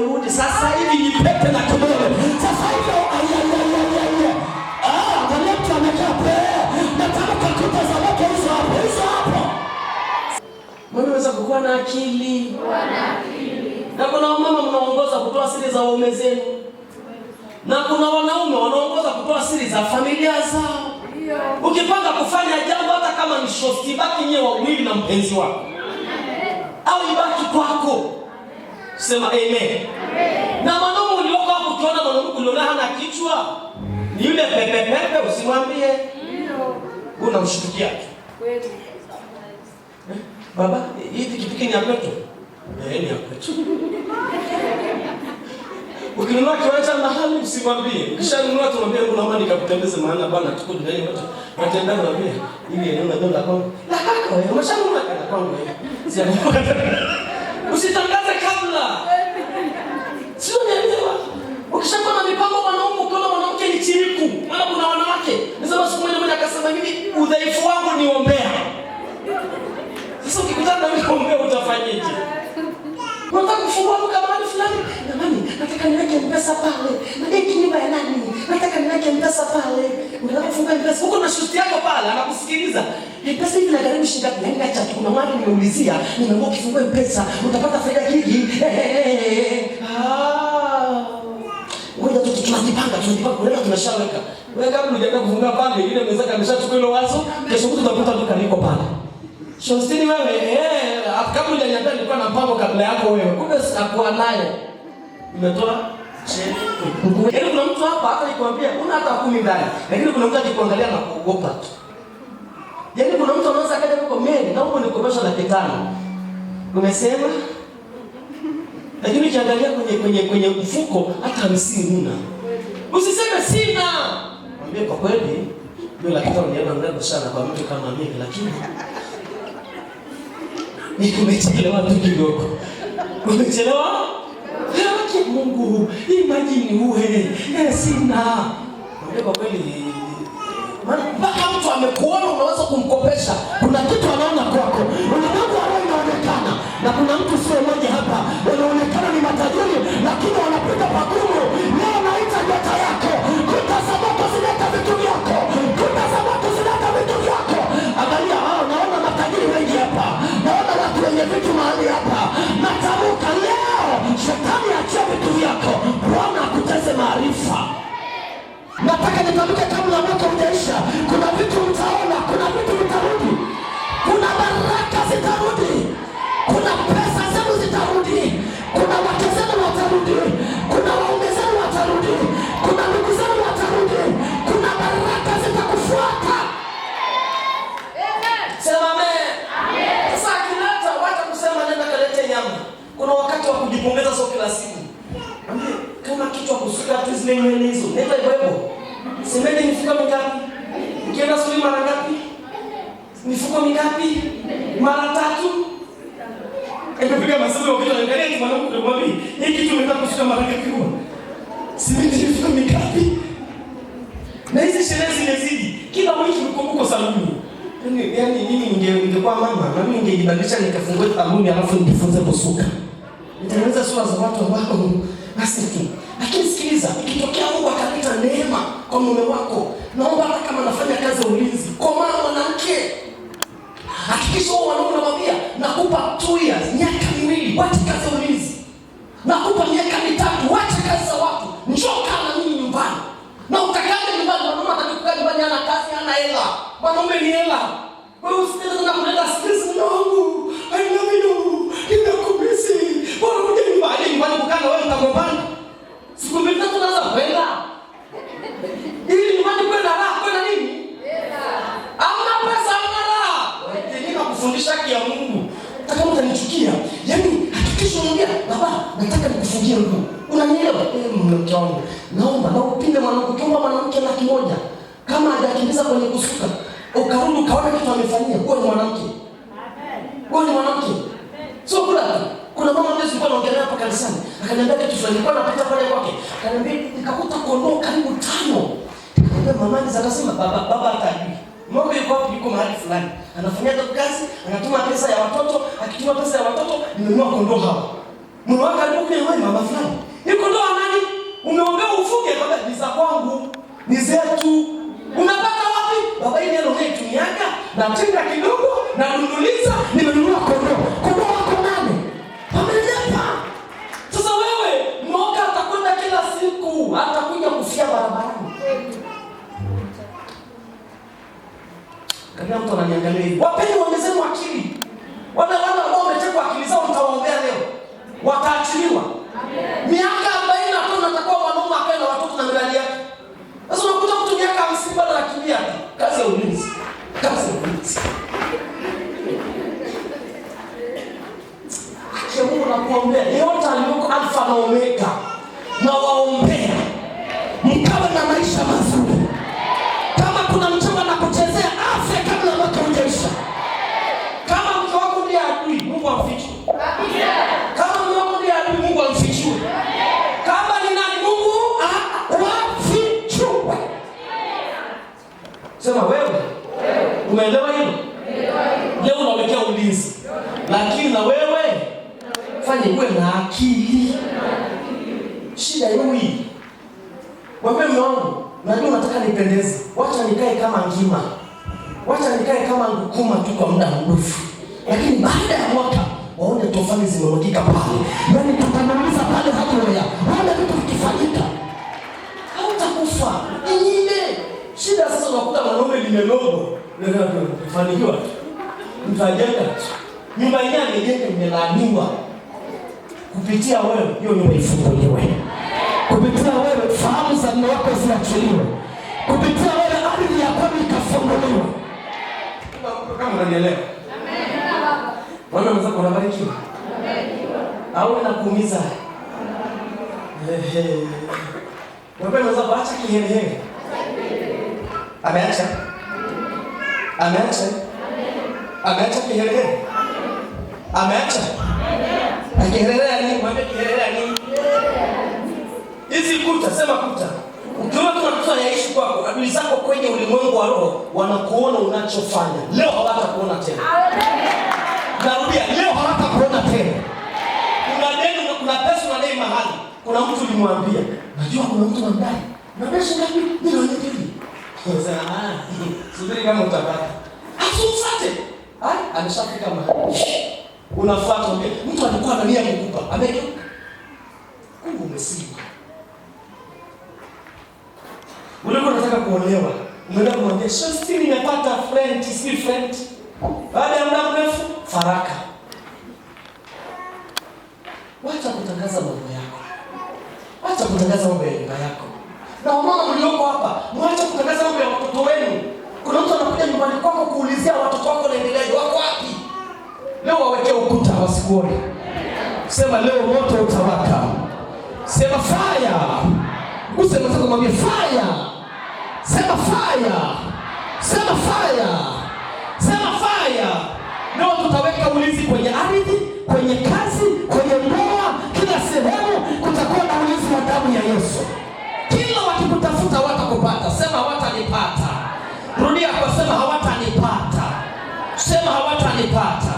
umerudi sasa hivi ni pete na kidole. Sasa hivi oh, ah, angalia za na akili? Na kuna wamama mnaongoza kutoa siri za waume zenu, na kuna wanaume wanaongoza kutoa siri za familia zao. Ukipanga kufanya jambo hata kama ni shosti, baki nyewe wawili na mpenzi wako au ibaki kwako. Sema amen. Na mwanamume ulioko hapo, ukiona mwanamume uliona hana kichwa, ni yule pepe pepe, usimwambie. Ndio. Unamshtukia tu. Kweli. Eh, baba, hii pikipiki ni ya kwetu. Eh, ni ya kwetu. Ukinunua kiwanja mahali usimwambie. kisha Ukishanunua tunaambia kuna mama nikakutembeze maana bana tuko ndani wote. Natenda na mimi. Ili eneo la dola kwangu. La kwangu, umeshanunua kana kwangu. Usita mpesa pale, madeki nyumba ya nani, nataka niweke mpesa pale, unataka kufunga mpesa huko na shuti yako pale, anakusikiliza mpesa hivi nagharimu shilingi ngapi? Yaani acha tu, kuna mwana nimeulizia, nimeamua kufungua mpesa utapata faida hiki. Ah. Ngoja tu tunajipanga, tunajipanga, leo tunashaweka. Wewe kabla hujaenda kufunga pande ile mwenzako ameshachukua hilo wazo, kesho mtu utakuta duka liko pale. Shostini wewe, eh, kabla hujaniambia nilikuwa na mpango kabla yako wewe. Kumbe sikuwa nayo. Umetoa Yaani kuna mtu hapa hata nikwambia una hata kumi ndani, lakini kuna mtu akikuangalia na kuogopa tu. Yaani kuna mtu anaweza akaja kwa mimi na huko nikopesha laki tano. Umesema? Lakini ukiangalia kwenye kwenye kwenye mfuko hata hamsini huna. Usiseme sina. Mwambie kwa kweli ndio laki tano ni ndogo sana kwa mtu kama mimi lakini nikumechelewa tu kidogo. Umechelewa? Mungu, imajini uwe e, eh, sina kwa kweli. Mpaka mtu amekuona unaweza kumkopesha. Kuna kitu anaona kwako, ulimwengu ambao inaonekana, na kuna mtu sio mmoja hapa, wanaonekana ni matajiri, lakini wanapita pagumu. Leo naita nyota yako, kuta za moto zinaleta vitu vyako, kuta za moto zinaleta vitu vyako. Angalia hao, ah, naona matajiri wengi hapa, naona watu wenye vitu mahali hapa, natamka nataka nitamke kabla mwaka hujaisha, Kuna vitu utaona, kuna vitu vitarudi, kuna baraka zitarudi, kuna pesa zenu zitarudi, kuna wake zenu watarudi, kuna waume zenu watarudi, kuna ndugu zenu watarudi, kuna baraka zitakufuata. Sema amen. Sasa kinacho wacha kusema nenda kalete nyama. Kuna wakati wa kujipongeza, sio kila siku tatu zile nywele hizo. Nenda iwepo. Semeni mifuko mingapi? Ukienda suli mara ngapi? Mifuko mingapi? Mara tatu. Ekapiga masomo kwa kila ndani kwa mwanangu kwa mami. Hii kitu umeenda kushika mara ngapi kwa? Semeni mifuko mingapi? Na hizi sherehe zimezidi. Kila wiki mkumbuko saluni. Yaani yaani ningekuwa mama, na mimi ningejibadilisha nikafungue saluni alafu nijifunze kusuka. Nitaanza sura za watu ambao basi tu. Lakini sikiliza, ikitokea Mungu akaleta neema kwa mume wako, naomba hata kama nafanya kazi ya ulinzi, kwa komaa mwanamke, hakikisha huo wanaume unamwambia nakupa two years, miaka miwili, wacha kazi ya ulinzi, nakupa miaka mitatu, wacha kazi za watu, njoo kaa na mimi nyumbani. Na utakaje nyumbani? Mwanaume ataki kukaa nyumbani, ana kazi, ana hela. Mwanaume ni hela. Wewe usikize na kuleta stress mwanangu, I love you, nimekumiss. Bora uje nyumbani, nyumbani kukaa na wewe mtagombana Ukimwambia baba, nataka nikufungie nguo, unanielewa? Eh, mke wangu, naomba na upinde mwanangu. Ukiomba mwanamke laki moja kama hajakimbiza kwenye kusuka, ukarudi ukaona kitu amefanyia, huyo ni mwanamke, huyo ni mwanamke. Sio kula. Kuna mama mmoja alikuwa anaongelea hapa kanisani, akaniambia kitu fulani, nilikuwa napita pale kwake, akaniambia nikakuta kondoo karibu tano. Nikamwambia mama, akasema baba, baba atajui Mungu yuko wapi? Yuko mahali fulani. Anafanyaje kazi? Anatuma pesa ya watoto, akituma pesa ya watoto, nimenunua kondoo hapo. Mume wako alikuwa yeye ni mama fulani. Ni kondoo wa nani? Umeombea ufuge baba, ni za kwangu. Ni zetu. Unapata wapi? Baba yeye ndio anayitumiaga na chenga kidogo na kunuliza, nimenunua kondoo. Kondoo wako nani? Amelipa. Sasa wewe, mmoja atakwenda kila siku, atakuja kufia barabara. Kila mtu ananiangalia hivi. Wapeni waongezeni akili. Wale wale ambao wametekwa akili zao mtawaombea leo. Wataachiliwa. Miaka 40 hapo unatakiwa mwanaume akae na watoto na miradi yake. Sasa unakuta mtu miaka 50 bado anakimbia. Kazi ya ulinzi. Kazi ya ulinzi. Acha Mungu na kuombea. Yote aliyoko Alfa na Omega. Na waombea. wakakoma tu kwa muda mrefu, lakini baada ya mwaka waone tofali zimemwagika pale, yaani tatanamiza pale hakuoya, waone vitu vikifanyika, hautakufa inyime shida. Sasa unakuta mwanaume limelogwa fanikiwa, mtajenga nyumba yenyewe amejenge, imelaaniwa kupitia wewe, hiyo nyumba ifunguliwe kupitia wewe, fahamu za mume wako ziachiliwe kupitia wewe, ardhi ya yako ikafunguliwe kama unanielewa. Amen. Bwana unaweza kunabarikiwa au nakuumiza? Wewe unaweza kuacha kiherehere. Ameacha, ameacha, ameacha kiherehere, ameacha Ameacha. kiherehere. Mwambie kiherehere, hizi kuta, sema kuta ndio watu wanatoa yaishi kwako, adui zako kwenye ulimwengu wa roho wanakuona unachofanya. Leo hawatakuona tena. Amen. Narudia, leo hawatakuona tena. Kuna deni, kuna pesa na unadai mahali, kuna mtu ulimwambia, najua kuna mtu anadai na pesa ngapi? Milioni mbili. Sasa ah, subiri kama utapata. Asifuate. Hai, ameshafika mahali. Unafuata mbele. mtu alikuwa anania kukupa. Amegeuka. Mungu umesimama. Ulikuwa unataka kuolewa, unaenda kumwambia shosti, nimepata friend, si friend. Baada ya muda mrefu faraka. Wacha kutangaza mambo yako, wacha kutangaza mambo ya nyumba yako. Na wamama mlioko hapa, mwache kutangaza mambo ya watoto wenu. Kuna mtu anakuja nyumbani kwako kuulizia watoto wako naendeleaje, wako wapi? Leo wawekee ukuta wasikuone. Sema leo moto utawaka, sema fire, useme sasa, kumwambia fire Sema fire. Sema fire. Sema fire. Leo tutaweka ulinzi kwenye ardhi, kwenye kazi, kwenye ndoa, kila sehemu kutakuwa na ulinzi wa damu ya Yesu. Kila wakikutafuta hawatakupata. Sema hawatanipata. Rudia kwa sema hawatanipata. Sema hawatanipata.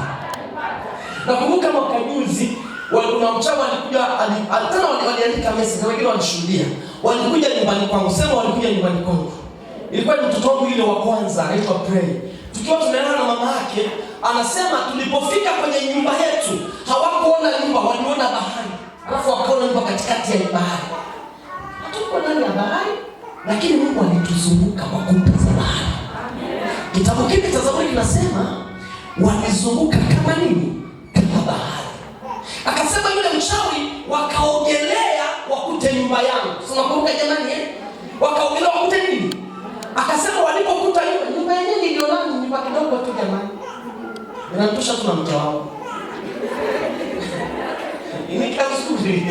Nakumbuka mwaka juzi Walikuwa mchana walikuja tena waliandika message wengine walishuhudia. Walikuja nyumbani kwangu, sema walikuja nyumbani kwangu ilikuwa ni mtoto wangu ile wa kwanza anaitwa Prey. Tukiwa tunaelewa na mama yake, anasema tulipofika kwenye nyumba yetu hawakuona nyumba, waliona bahari, alafu wakaona nyumba katikati ya bahari. Hatuko ndani ya bahari, lakini Mungu alituzunguka kwa kuta za bahari. Kitabu kile cha Zaburi kinasema walizunguka kama nini? Kama bahari. Akasema yule mchawi wakaogelea wakute nyumba yangu. Sasa nakumbuka jamani, eh? Wakaogelea wakute nini? Akasema walipokuta nyumba nyumba yenyewe ndio nani, nyumba kidogo tu jamani, inatosha tu na mke wangu. Ni kazuri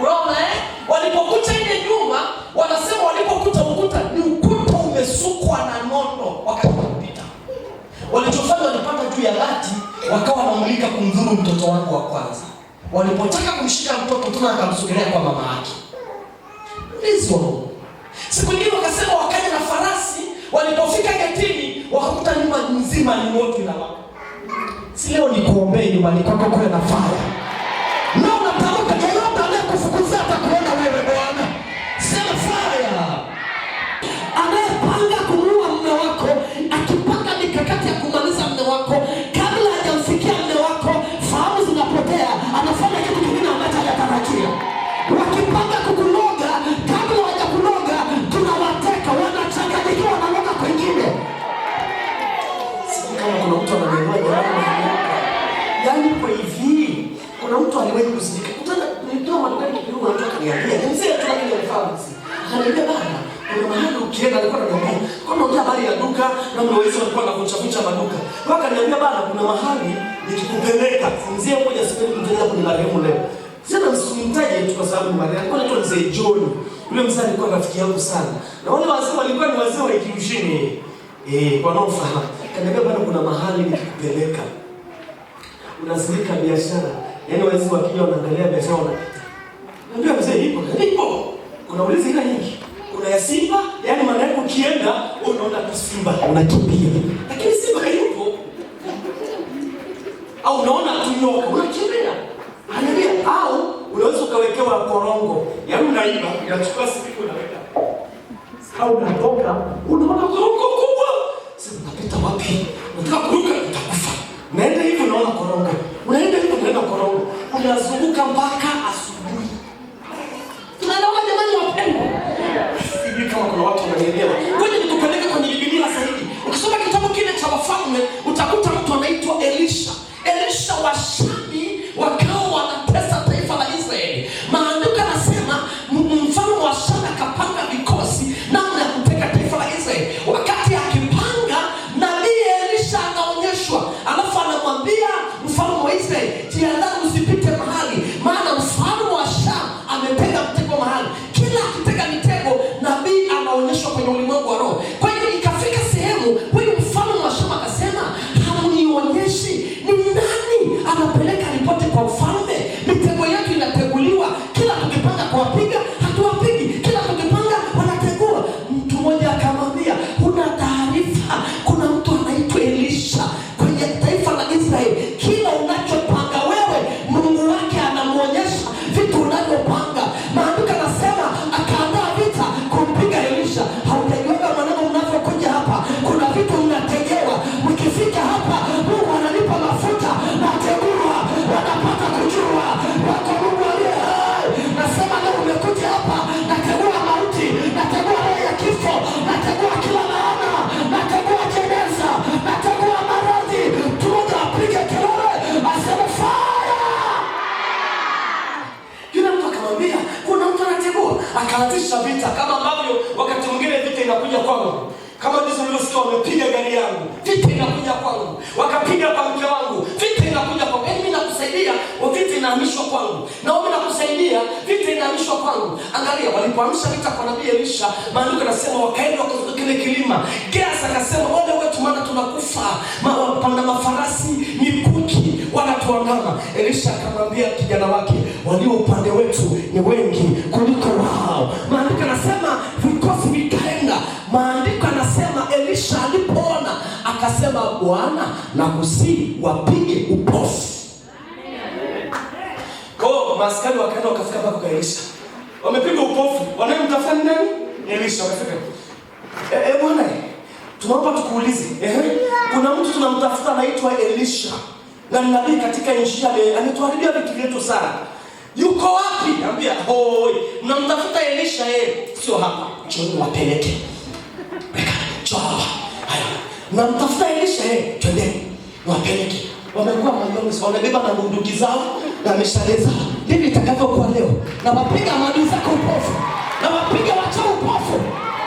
unaona eh, walipokuta ile nyumba wanasema walipokuta ukuta ni ukuta umesukwa na nondo, wakati kupita walichofanya walipata juu ya lati, wakawa wanamulika kumdhuru mtoto wangu wa kwanza. Walipotaka kumshika mtoto tuna akamsogelea kwa mama yake mlinzi siku nyingine wakasema Walipofika getini, wakakuta nyumba nzima ni moto inawaka. Si leo nikuombee nyumbani kwako kuwe na fire. huwezi kusikika. Kutana nilitoa madukani kidogo mtu akaniambia, ni mzee kutoka kile pharmacy. Akaniambia baba, kuna mahali ukienda alikuwa ananiambia, kwa nini habari ya duka na mnaweza alikuwa anakuchafucha maduka. Kwa akaniambia baba, kuna mahali nikikupeleka. Mzee mmoja sipendi kumtaja kwenye marehemu leo. Sasa msimtaje tu kwa sababu marehemu alikuwa anaitwa mzee John. Yule mzee alikuwa rafiki yangu sana. Na wale wazee walikuwa ni wazee wa Ikiushini. Eh, kwa naofahamu. Kaniambia bwana, kuna mahali nikikupeleka. Unazilika biashara Yaani wazee wakija wanaangalia biashara wanapita. Unajua mzee ipo, ipo. Unauliza ila nyingi. Kuna ya Simba, yaani maana yake ukienda unaona tu Simba unakimbia. anabii Elisha, maandiko anasema wakaenda wakafika kile kilima. Gehazi akasema ole wetu, maana tunakufa, wapanda mafarasi mikuki wanatuandama. Elisha akamwambia kijana wake, walio upande wetu ni wengi kuliko wao. Maandiko anasema vikosi vikaenda. Maandiko anasema Elisha alipoona akasema, Bwana nakusihi wapige upofu. Kwa hiyo wakaenda wakafika mpaka kwa Elisha wamepiga upofu, wanayemtafuta ni nani? Elisha. wamefika. eh, e, bwana e, tunaomba tukuulize, ehe, kuna mtu tunamtafuta anaitwa Elisha na ni nabii katika njia yake, anatuharibia vitu vyetu sana, yuko wapi? Ambia hoi, mnamtafuta Elisha yeye eh, sio hapa, choni wapeleke chao haya, mnamtafuta Elisha yeye, eh, twendeni wapeleke. Wamekuwa majonzi, wamebeba na bunduki zao na mishale zao ndivyo itakavyokuwa leo. Na wapiga maadui zako upofu, na wapiga wacha upofu.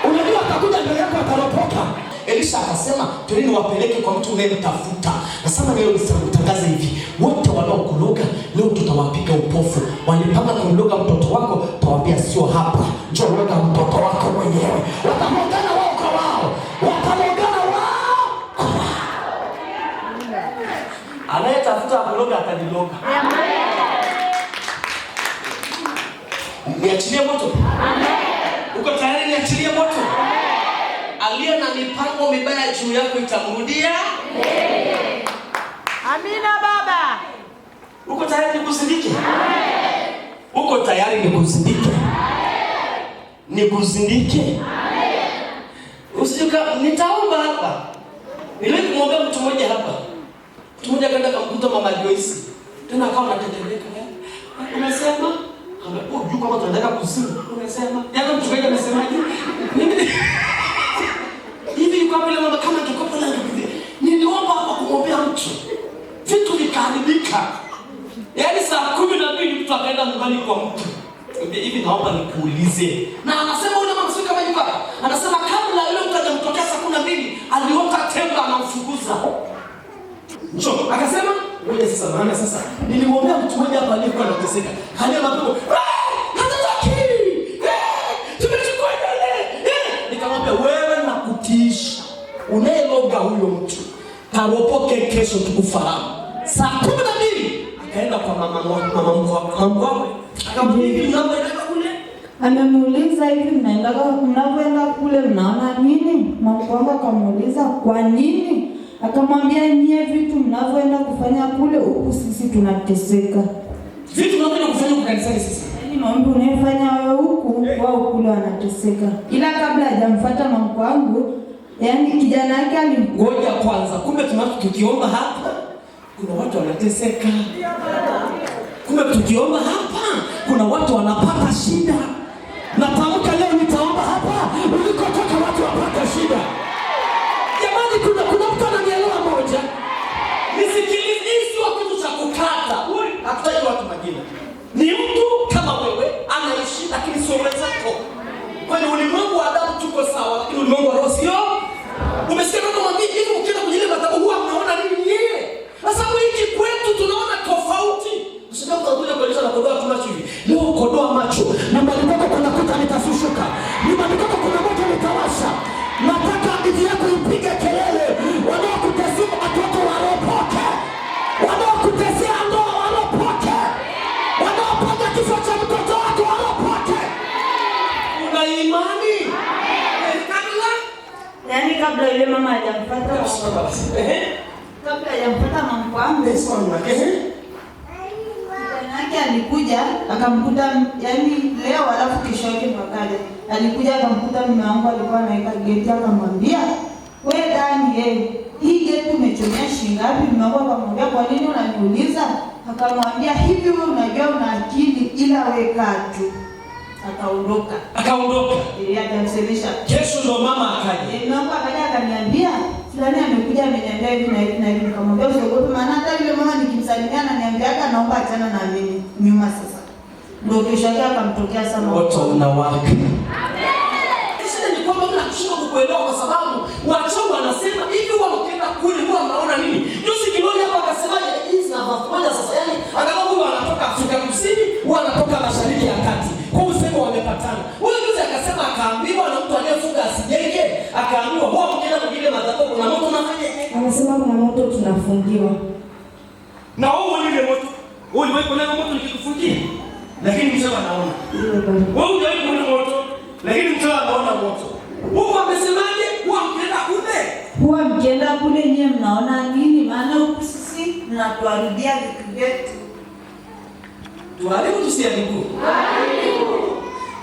Unajua atakuja mbele yako ataropoka. Elisha akasema twendeni wapeleke kwa mtu unayemtafuta. Nasema leo nitangaza hivi, wote wanaokuloga leo tutawapiga upofu. Walipanga kumloga mtoto wako, tawaambia sio hapa, njoo loga mtoto wako mwenyewe. Watamwagana wao kwa wao, watamwagana wao kwa wao. Anayetafuta kuloga Amen. niachilie moto. Amen. Uko tayari niachilie moto? Amen. Aliye na mipango mibaya juu yako itamrudia. Amen. Amina baba. Uko tayari nikusindike? Amen. Uko tayari nikusindike? Amen. Nikusindike? Amen. Usijuka nitaomba hapa. kumwambia mtu mmoja hapa. Mtu mmoja akaenda kumkuta mama Joyce. Tena akawa anatetemeka tu kwamba tunataka kuzini, unasema yaani, mchungaji amesemaje? hivi yuko hapo, ile kama ningekuwa na ndugu, niliomba hapa kumwombea mtu, vitu vikaharibika, yaani saa kumi na mbili mtu akaenda nyumbani kwa mtu hivi, naomba nikuulize, na anasema ule mama msika maji hapa, anasema kabla ile mtu hajamtokea saa kumi na mbili aliota temba anamfukuza njoo, akasema wewe, sasa maana sasa nilimwombea mtu mmoja hapa aliyekuwa anateseka, hali ya mapepo unayeloga huyo mtu paropoke kesho tukufahamu. Saa kumi na mbili akaenda kwa mama amemuuliza hivi, mnaendaga mnavyoenda kule mnaona nini? Mamkwangu akamuuliza kwa nini? Akamwambia nyie, vitu mnavyoenda kufanya kule, huku sisi tunateseka. Vitu mnavyoenda kufanya sisi yaani maombi unayefanya wewe huku, eh. wao kule wanateseka. Ila kabla hajamfuata mamkwangu Yaani kijana yake alingoja kwanza. Kumbe tukiomba hapa kuna watu wanateseka. Kumbe tukiomba hapa kuna watu wanapata shida. Natamka leo nitaomba hapa ulikotoka watu wapata shida. Jamani, kuna kuna mtu ananielewa moja. Nisikilize, hizo kitu cha kukata. Hatutaki watu majina. Ni mtu kama wewe anaishi, lakini sio wenzako. Kwani ulimwengu wa adabu tuko sawa, lakini ulimwengu wa roho sio Nasikia ndio mwambie hivi, mkienda kwenye ile madhabahu huwa mnaona nini yeye? Kwa sababu hiki kwetu tunaona tofauti. Usitaka kuja kueleza na kuondoa tunacho hivi. kabla yule mama hajampata mama. Eh? Kabla hajampata mama kwangu. alikuja akamkuta yani leo alafu kesho yake mwakaja. Alikuja akamkuta mama wangu alikuwa anaweka geti akamwambia, "Wewe Dani eh, hii geti umechomea shilingi ngapi?" wangu akamwambia, "Kwa nini unaniuliza?" Akamwambia, "Hivi wewe unajua una akili ila weka tu." Akaondoka, akaondoka. akamsemesha Yesu, ndo mama akaja. mama akaja akaniambia, fulani amekuja ameniambia hivi na hivi na hivi. Nikamwambia usiogope, maana hata yule mama nikimsalimia ananiambia naomba achana na mimi nyuma. Sasa ndio kesho yake akamtokea sana moto unawaka. kwa sababu wanasema hivi, huwa mkienda kule huwa mnaona nini? Juzi hapa jinsi na sasa, yani angalau huwa Afrika Kusini, huwa Mashariki ya Kati walikuwa wamepatana. Huyu juzi akasema, akaambiwa na mtu aliyefunga asijenge, akaambiwa wao mnaenda kujenga madhabahu kuna moto unafanya Anasema kuna moto tunafungiwa. Na wewe ulile moto, wewe uliwahi kuna moto nikikufungia? Lakini mzee anaona. Wewe hujawahi kuona moto, lakini mzee anaona moto. Huko amesemaje? Huwa mkienda kule. Huwa mkienda kule nyie mnaona nini? Maana huku sisi mnatuharibia vitu vyetu. Tuharibu tusiaribu. Tuharibu.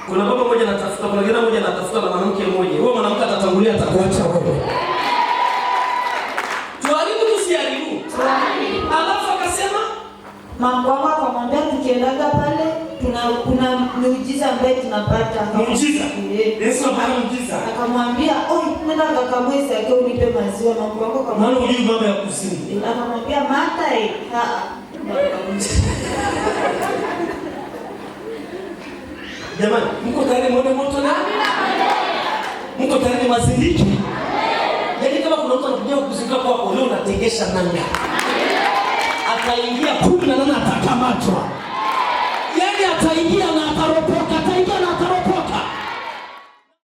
Kuna baba mmoja anatafuta, kuna kijana mmoja anatafuta na mwanamke mmoja. Huyo mwanamke atatangulia, atakuacha wewe. Tuharibu tusiharibu. Tuharibu. Alafu akasema mambo mama akamwambia tukiendaga pale tuna kuna miujiza ambayo tunapata. Miujiza. Eh. Yesu hana miujiza. Akamwambia, "Oi, nenda kakamwe sake unipe maziwa na mkoko kama." Maana unajua mama ya kusini. Eh, akamwambia, "Mata eh." Ha. Jamani, mko tayari muone moto na? Mko tayari mazindiki? Yaani kama kuna mtu anakuja kuzika kwako leo unatengesha nanga. Ataingia kumi na nane atakamatwa. Yaani ataingia na ataropoka, ataingia na ataropoka.